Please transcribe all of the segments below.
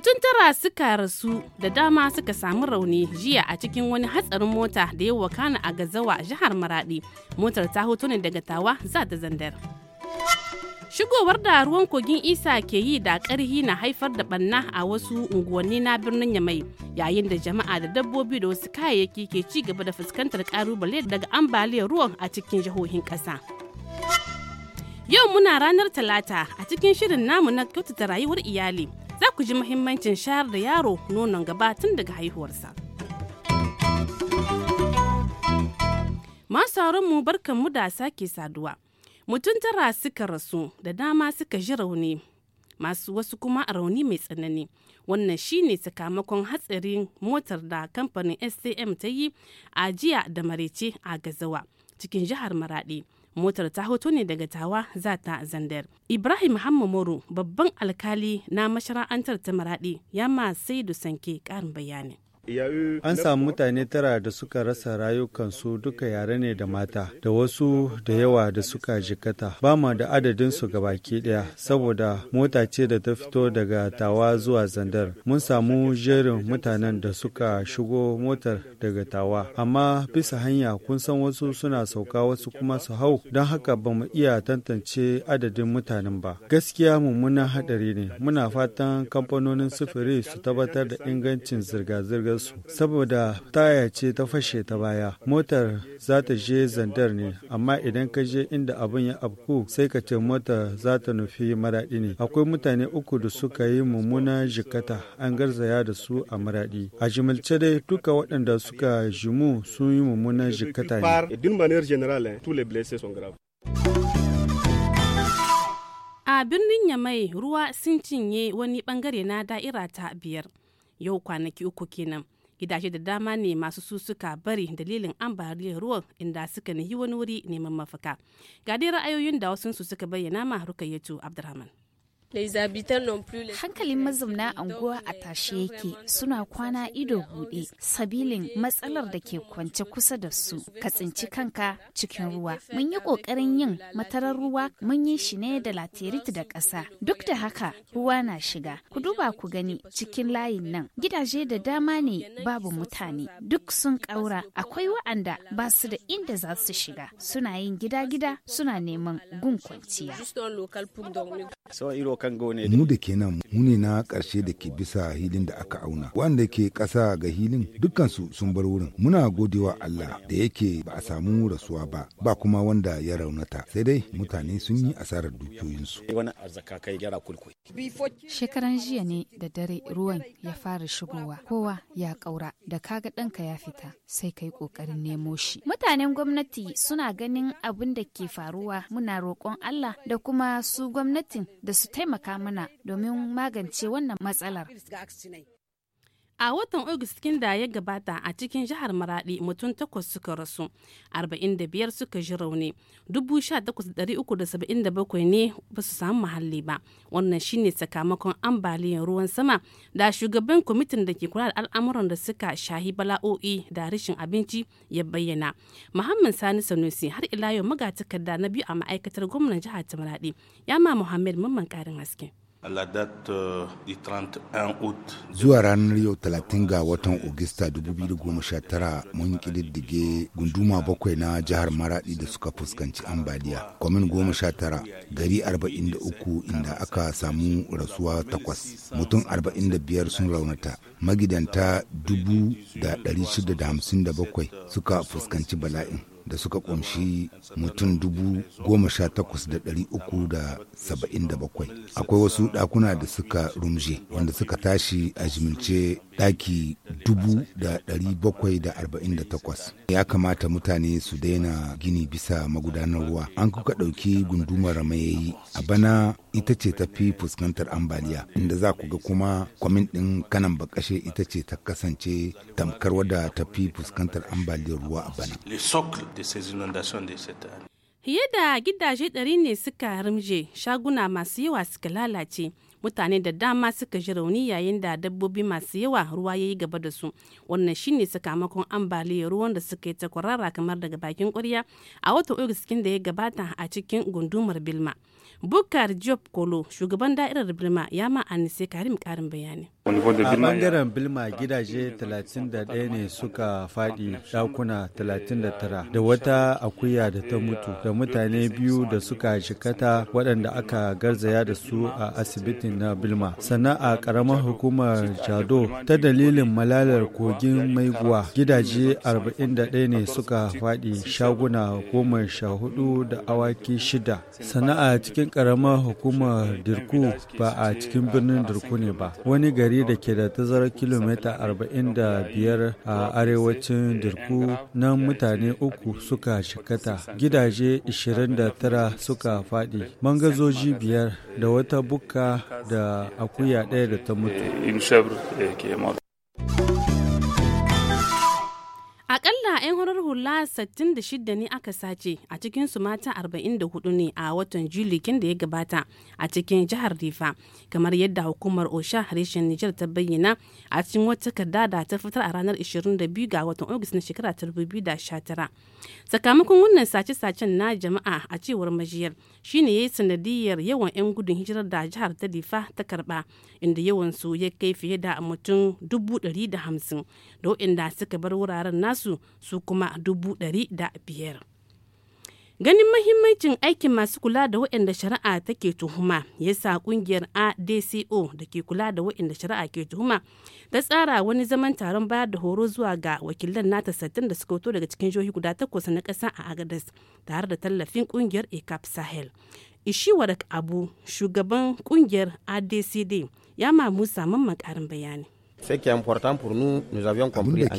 mutum tara suka rasu da dama suka samu rauni jiya a cikin wani hatsarin mota da ya wakana a gazawa jihar maradi motar ta hoto ne daga tawa za ta zandar shigowar da ruwan kogin isa ke yi da karhi na haifar da banna a wasu unguwanni na birnin yamai yayin da jama'a da dabbobi da wasu kayayyaki ke ci gaba da fuskantar karubale daga ambaliyar ruwan a cikin jihohin ƙasa. Yau muna ranar Talata a cikin shirin namu na kyautata rayuwar iyali za ku ji muhimmancin shayar da yaro nonon gaba tun daga haihuwarsa. Masu mu mu da sake saduwa. Mutum tara suka rasu da dama suka ji rauni, masu wasu kuma a rauni mai tsanani. Wannan shi ne sakamakon hatsarin motar da kamfanin SCM ta yi a jiya da marece a Gazawa cikin jihar Maraɗi. motar ta hoto ne daga tawa za ta zandar ibrahim hamma moro babban alkali na mashara'antar ta maraɗi ya ma sai sanke ƙarin bayani An samu mutane tara da suka rasa rayukansu duka yare ne da mata, da wasu da yawa da suka jikata. Ba ma da adadinsu baki ɗaya, saboda mota ce da ta fito daga tawa zuwa zandar. Mun samu jerin mutanen da suka shigo motar daga tawa, amma bisa hanya kun san wasu suna sauka wasu kuma su hau, don haka ba mu iya tantance adadin mutanen ba. Gaskiya mummunan haɗari ne, muna fatan kamfanonin sufuri su tabbatar da ingancin zirga-zirgar su saboda taya ce ta fashe ta baya motar za ta je zandar ne amma idan ka je inda abin ya afku sai ka ce motar za ta nufi maradi ne akwai mutane uku da suka yi mummuna jikata an garzaya da su a maradi a jimilce dai duka waɗanda suka jimu sun yi mummunan jikata ne A birnin Yamai ruwa sun cinye wani bangare na da'ira ta biyar. yau kwanaki uku kenan gidaje da dama ne masu su suka bari dalilin ambaliyar ruwan inda suka nahi wani wuri neman mafaka ga dai ra'ayoyin da wasu su suka bayyana ma rukayyatu abdurrahman Hankalin mazauna anguwa a tashe yake suna kwana ido buɗe sabilin matsalar da ke kwance kusa da su ka tsinci kanka cikin ruwa. Mun yi ƙoƙarin yin matarar ruwa mun yi shi ne da latirit da ƙasa. Duk da haka ruwa na shiga. Ku duba ku gani cikin layin nan gidaje da dama ne babu mutane duk sun ƙaura akwai wa'anda ba su da inda za su shiga suna yin gida-gida suna neman gun kwanciya. mu da ke nan mu ne na ƙarshe da ke bisa hilin da aka auna wanda ke ƙasa ga hilin dukkansu sun bar wurin muna godewa Allah da yake ba a samu rasuwa ba ba kuma wanda ya raunata sai dai mutane sun yi asarar dukiyoyinsu shekaran jiya ne da dare ruwan ya fara shigowa kowa ya ƙaura da kaga ɗanka ya fita sai kai ƙoƙarin nemo shi mutanen gwamnati suna ganin abin da ke faruwa muna roƙon Allah da kuma su gwamnatin da su taimaka taimaka mana domin magance wannan matsalar. A watan cikin da ya gabata a cikin jihar Maradi mutum takwas suka rasu, 45 suka ji rauni, 18,377 ne ba su samu muhalli ba. Wannan shine sakamakon ambaliyar ruwan sama da shugaban kwamitin da ke kula da al'amuran da suka shahi bala'o'i da rashin abinci ya bayyana. Muhammad Sani Sanusi har ila yau magatakarda na biyu a ma'aikatar gwamnan jihar ta Maradi, ya ma Muhammad Mamman karin haske. Euh, Zuwa ranar yau 30 ga watan Ogista 2019 mun kididdige gunduma bakwai na jihar Maradi da suka fuskanci ambaliya. Kwamin 19 gari 43 inda aka samu rasuwa takwas. Mutum 45 sun raunata. Magidanta 6,657 suka fuskanci bala'in. da suka kunshi mutum dubu goma sha takwas da dari uku da saba'in da bakwai akwai wasu ɗakuna da suka rumje wanda suka tashi a jimince ɗaki dubu da dari bakwai da arba'in da takwas ya kamata mutane su daina gini bisa magudanar ruwa an kuka ɗauki gundumar mayayi a bana ita ce ta fi fuskantar ambaliya inda za ku ga kuma kwamin ɗin kanan bakashe ita ce ta kasance tamkar wadda ta fi fuskantar ambaliyar ruwa a bana. Fiye da gidaje ɗari ne suka rimje shaguna masu yawa suka lalace mutane da dama suka ji rauni yayin da dabbobi masu yawa ruwa ya yi gaba da su wannan shine sakamakon ambaliyar ruwan da suka yi ta kwarara kamar daga bakin kwarya a watan ogiskin da ya gabata a cikin gundumar bilma bukar job kolo shugaban da'irar bilma ya ma anise karim karin bayani a bangaren bilma gidaje 31 ne suka fadi dakuna 39 da wata akuya da ta mutu da mutane biyu da suka shikata waɗanda aka garzaya da su a asibitin yankin na Bilma. Sannan a karamar hukumar Jado ta dalilin malalar kogin maiguwa gidaje 41 ne suka faɗi shaguna goma sha hudu da awaki shida. Sannan a cikin karamar hukumar Dirku ba a cikin birnin Dirku ne ba. Wani gari da ke da tazarar kilomita 45 a arewacin Dirku nan mutane uku suka shikata gidaje 29 suka faɗi mangazoji biyar da wata buka da akuya ɗaya da ta mutu eh, eh, akalla 'yan horar hula 66 ne aka sace a cikin su mata 44 ne a watan juli kin da ya gabata a cikin jihar difa kamar yadda hukumar osha harshen nijar ta bayyana a cikin wata takarda da ta fitar a ranar 22 ga watan agus na shekara 2019 sakamakon wannan sace-sacen na jama'a a cewar majiyar shine ya yi sanadiyar yawan 'yan gudun hijirar da jihar ta difa ta karba inda yawan su ya kai fiye da mutum 150 da waɗanda suka bar wuraren nasu su kuma dubu dari da biyar. Ganin mahimmancin aikin masu kula da waɗanda shari'a take tuhuma ya sa ƙungiyar ADCO da ke kula da waɗanda shari'a ke tuhuma ta tsara wani zaman taron bayar da horo zuwa ga wakilan nata sattin da suka fito daga cikin jihohi guda takwas na ƙasa a Agadez tare da tallafin ƙungiyar ECAP Sahel. Ishiwarak Abu, shugaban ƙungiyar ADCD, ya mamu samun makarin bayani. Abin da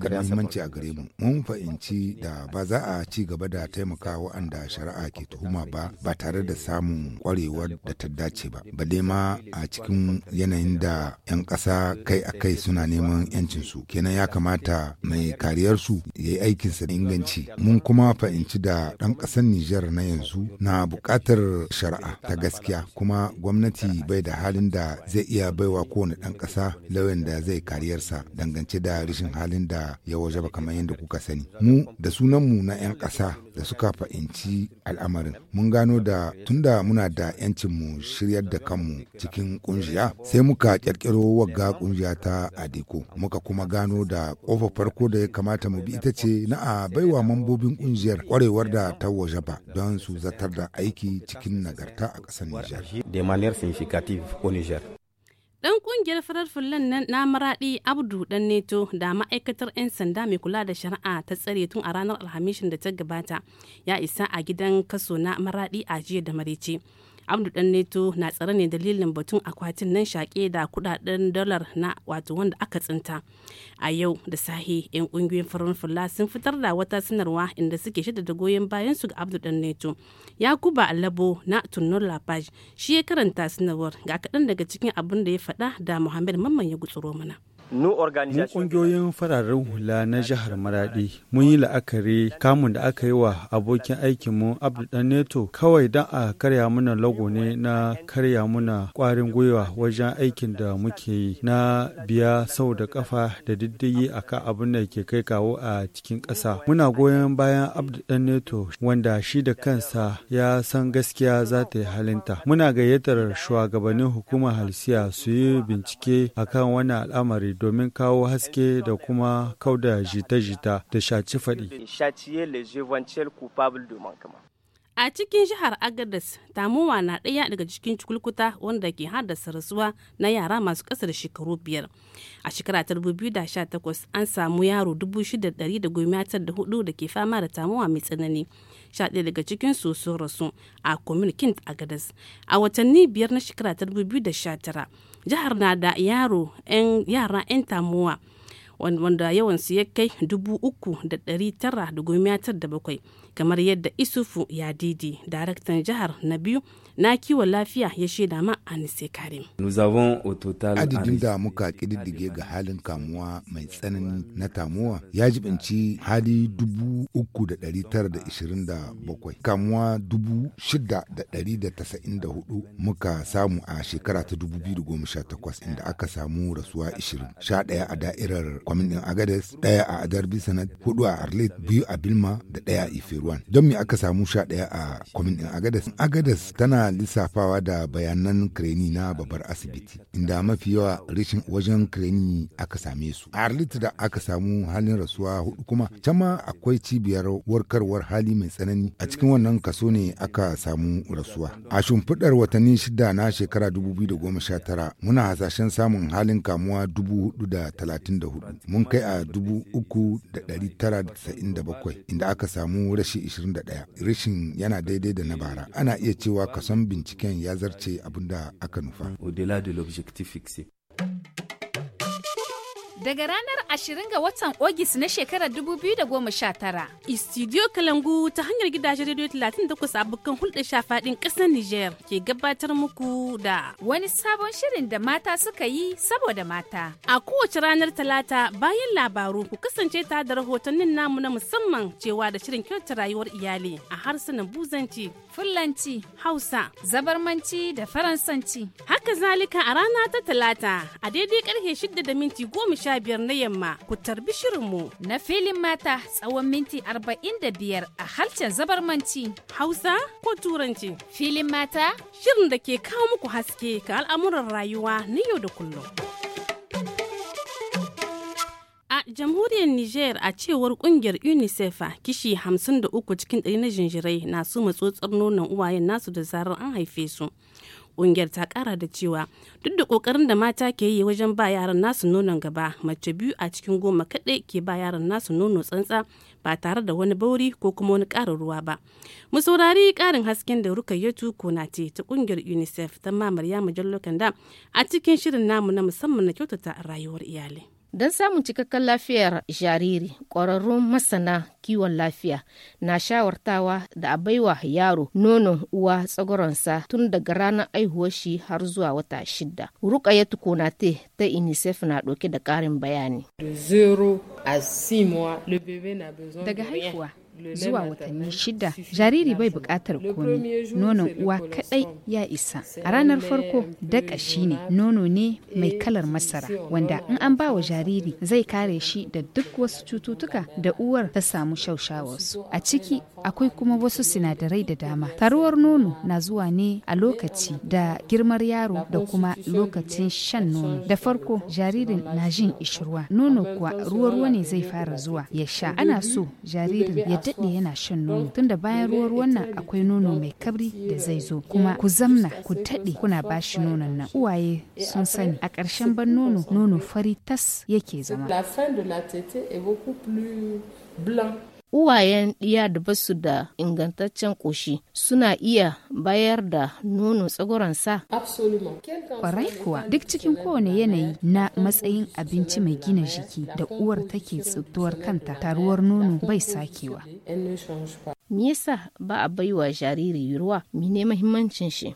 ke da muhimmanci a gare mu, mun fahimci da ba za a ci gaba da taimaka anda shari'a ke tuhuma ba ba tare da samun kwarewar da ta dace ba. dai ma a cikin yanayin da 'yan ƙasa kai a kai suna neman yancin su Kenan ya kamata mai kariyarsu ya yi aikinsa da inganci. Mun kuma fahimci da dan ƙasar niger na yanzu na buƙatar shari'a ta gaskiya kuma gwamnati bai da halin da zai iya baiwa kowane dan ƙasa lauyan da zai kariyarsa dangance da rashin halin da ya wajaba kamar yadda kuka sani mu da sunanmu na 'yan ƙasa da suka fahimci al'amarin mun gano da tunda muna da mu shiryar da kanmu cikin kungiya sai muka ƙirƙiro wagga kungiya ta adeko muka kuma gano da ƙofa farko da ya kamata mu bi ita ce na a baiwa mambobin kungiyar ƙwarewar da ta wajaba don su zatar da aiki cikin nagarta a ƙasar Nijar. De manière significative au Niger. Dan kungiyar farar fulan na maraɗi Abdu Dan Neto da ma'aikatar 'yan sanda mai kula da shari'a ta tsare tun a ranar Alhamishin da ta gabata ya isa a gidan kaso na maraɗi a jiya da marece. abdu dan neto na tsare ne dalilin batun akwatin nan shaƙe da kudaden dalar na wato wanda aka tsinta a yau da sahi yan kungiyoyin farin fulla sun fitar da wata sanarwa inda suke shida da goyon bayan su ga abdu dan neto yakuba alabo na tunnur lafaj shi ya karanta sanarwar ga kaɗan daga cikin abin da ya faɗa da muhammad mamman ya gutsuro mana Mu ƙungiyoyin fararen hula na jihar Maradi mun yi la'akari kamun da aka yi wa abokin aikinmu Abdu Dan Neto kawai don a karya muna logo ne na karya muna ƙwarin gwiwa wajen aikin da muke yi na biya sau da kafa da diddiyi kan abin da ke kai kawo a cikin ƙasa. Muna goyon bayan Abdu Dan Neto wanda shi da kansa ya san gaskiya za ta yi halinta. Muna gayyatar shugabannin hukumar halsiya su yi bincike akan wani al'amari domin kawo haske da kuma kauda jita-jita da shaci faɗi. A cikin jihar Agadez, tamuwa na ɗaya daga cikin cikulkuta wanda ke haddasa rasuwa na yara masu ƙasa da shekaru biyar. A shekara ta 2018 an samu yaro 6,104 da ke fama da tamuwa mai tsanani. Sha ɗaya daga cikin su sun rasu a Kint Agadez. A watanni biyar na shekara ta 2019, jihar na da yaro yara 'yan tamuwa wanda yawansu ya kai 3,997. kamar yadda isufu didi, daraktan jihar na biyu na kiwon lafiya ya shaida ma Anise Karim. Adadin da muka kididdige ga halin kamuwa mai tsanani na tamuwa ya jibinci hali dubu uku da tara da ishirin da bakwai. Kamuwa dubu da da tasa'in da muka samu a shekara ta dubu biyu da goma sha takwas inda aka samu rasuwa ishirin. Sha a da'irar kwamin ɗin Agades, ɗaya a Adar Bisanat, hudu a Arlet, biyu a Bilma da daya a Iferuwan. Don me aka samu sha a kwamin ɗin Agades? Agades tana ana lissafawa da bayanan kreni na babbar asibiti inda mafi yawa rashin wajen kreni aka same su a halittar da aka samu halin rasuwa hudu kuma can ma akwai cibiyar warkarwar hali mai tsanani a cikin wannan kaso ne aka samu rasuwa a shimfiɗar watanni shida na shekara 2019 muna hasashen samun halin kamuwa 434 mun kai a bakwai, inda aka samu rashi 21 rashin yana daidai da na bara ana iya cewa kaso. san binciken ya zarce abinda aka nufa. Daga ranar 20 ga watan Ogis na shekarar 2019, Istidiyo Kalangu ta hanyar gidajen rediyo 38 abokan hulɗar shafaɗin ƙasar Nijar ke gabatar muku da wani sabon shirin da mata suka yi saboda mata. A kowace ranar talata bayan labaru ku kasance ta da rahotannin namu na musamman cewa da shirin kyautar rayuwar iyali a harsunan buzanci Fulanci, Hausa, Zabarmanci da Faransanci. Haka zalika a rana ta Talata a daidai karfe 6 da minti biyar na yamma ku tarbi shirinmu na filin mata tsawon minti arba'in da biyar a harshen Zabarmanci, Hausa ko Turanci. Filin mata shirin da ke kawo muku haske ga al'amuran rayuwa na yau da kullum. jamhuriyar niger a cewar kungiyar unicef kishi 53 cikin ɗari na jinjirai na su matsotsar nonon uwayen nasu da zarar an haife su kungiyar ta kara da cewa duk da kokarin da mata ke yi wajen ba yaran nasu nonon gaba mace biyu a cikin goma kaɗai ke ba yaran nasu nono tsantsa ba tare da wani bauri ko kuma wani karin ruwa ba mu saurari karin hasken da rukayyatu konate ta kungiyar unicef ta mamar ya mujallar kanda a cikin shirin namu na musamman na kyautata rayuwar iyalai Don samun cikakken lafiyar jariri, ƙwararrun masana kiwon lafiya na shawartawa da a baiwa yaro nono uwa tsagoronsa tun daga ranar aihuwar shi har zuwa wata shida. tukuna te ta UNICEF na ɗauke da ƙarin bayani. Daga haihuwa, zuwa watanni shida jariri bai bukatar komi nonon uwa kadai ya isa a ranar farko daka shi ne nono ne mai kalar masara wanda in an bawa jariri zai kare shi da duk wasu cututtuka da uwar ta samu shaushawarsu a ciki akwai kuma wasu sinadarai da dama taruwar nono na zuwa ne a lokaci da girmar yaro da kuma lokacin shan nono da farko jaririn na jin ishirwa nono kuwa ruwa-ruwa ne zai fara zuwa ya sha ana so jaririn ya daɗe yana shan nono tunda bayan ruwan wannan akwai nono mai kabri da zai zo kuma ku zamna ku taɗe kuna bashi nonon nan uwaye eh, sun sani a ƙarshen ban nono nono fari tas yake zama. uwayen ɗiya da basu da ingantaccen ƙoshi suna iya bayar da nono tsagoransa? Kwarai kuwa duk cikin kowane yanayi na matsayin abinci mai gina jiki da uwar take tsuttuwar kanta taruwar nono bai sakewa. me yasa ba a baiwa jariri ruwa mene mahimmancin shi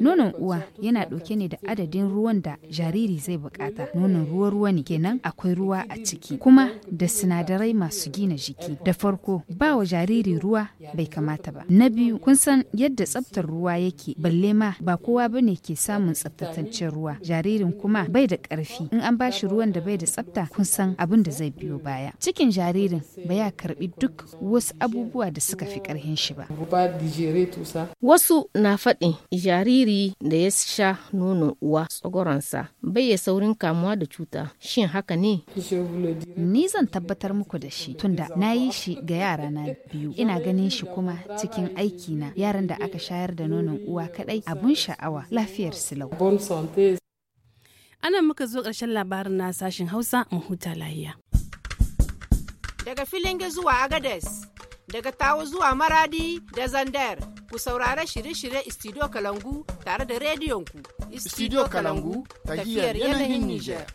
nonon uwa yana ɗauke ne da adadin ruwan da jariri zai bukata nonon ruwa ruwa ne kenan akwai ruwa a ciki kuma da sinadarai masu gina jiki da farko ba wa jariri ruwa bai kamata ba na biyu kun san yadda tsaftar ruwa yake balle ma ba kowa ba ne ke samun tsaftataccen ruwa jaririn kuma bai da ƙarfi in an ba shi ruwan da bai da tsafta kun san abin da zai biyo baya cikin jaririn ba ya karɓi duk wasu abu abubuwa da suka fi ƙarfin shi ba. Wasu na faɗin jariri da ya sha nonon uwa tsogoronsa bai ya saurin kamuwa da cuta shin haka ne? Ni zan tabbatar muku da shi tunda na yi shi ga yara na biyu ina ganin shi kuma cikin aiki na yaran da aka shayar da nonon uwa kaɗai abun sha'awa lafiyar silau. Ana muka zo ƙarshen labarin na sashen Hausa mu huta lahiya. Daga Filinge zuwa Agades. daga tawo zuwa maradi da zandar ku saurara shirye-shirye studio kalangu tare da rediyonku studio kalangu tafiyar yanayin niger